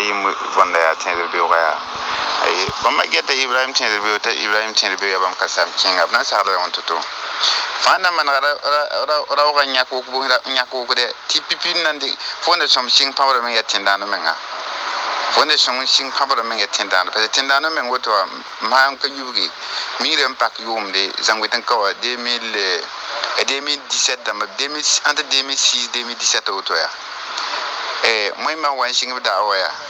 ibrahim v o n d a ya tẽedr beooga yaa bãmb ma geta ibrahim tẽedr beo t'a ibrahim tẽedr beo yaa bãmb ka sam kẽnga b na n s a g r a wẽn to-to fãa na manega raooga yãk wʋkdɛ tɩ pipi nan fo ne sõm sɩng pãbrã meng yaa tẽn-dãanõ menga fo ne sõng sɩng pãbrã meng yaa t ẽ n d ã a n o parce t ẽ n d ã a n o meng woto wã maam ka yubge migrã n pak yʋʋmde zãng-wɩt n ka wa 2017 dãmb entre 2006 2017 woto yaa mõe ma wa n sɩng b d a o wa yaa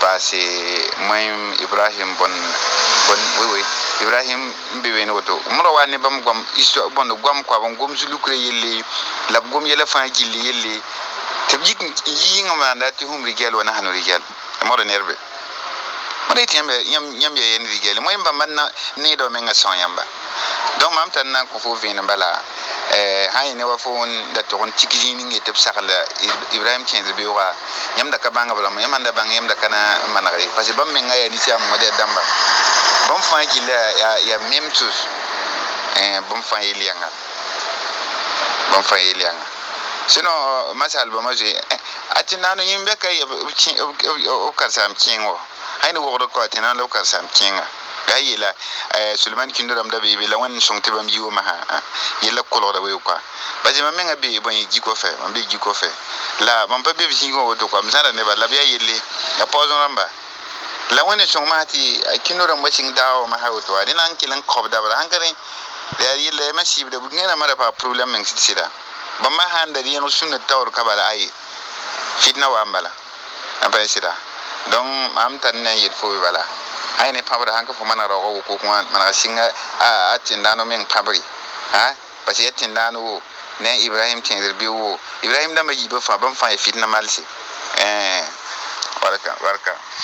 pase moyim ibrahim bon bon oui oui ibrahim ni wato mura wani bam gwam histoire bon gwam kwa bon gwam zulu kure yelle lab gwam yele fa gilli yelle tabjik yinga manda ti hum rigal wana hanu rigal mora nerbe mora tiambe yam yam ye yen rigal moyim bam manna ne do menga son yamba donc mam tan na ko fo vin bala han ne wa fon da to tik tikiji ni ngi tep sakala ibrahim kenz bi wa da ka banga bala nyam da banga nyam da kana manare parce que bam men ngaya ni siam ngode damba bam fa ki la ya ya mem tous eh bam fa ili yanga bam fa ili yanga sino masal ba maje atinano yimbe kai o karsam kingo haini wogro ko atinano lo karsam kinga ka yela sulman kindoram da bebe la wan song tibam yiwo maha yela kolo da weyo kwa baje ma menga be bon yi ko fe man be gi ko fe la man pa be bisingo woto kwa msara ne ba la biya yele ya pozon ramba la wan song ma ti kindoram ba sing dawo maha woto ani nan kilan kob da ba hankare da yele ma sib da bugena mara pa problem men sida ba ma handa di yano sunna tawr kabala ay fitna wa ambala apa sida donc am tan ne yel fo bala hay ne pabra hanka fo mana rogo ko kuma mana singa a tindano men pabri ha pasi tindano wo ne ibrahim tindir bi wo ibrahim da maji ba fa ban e fa fitna malsi eh barka barka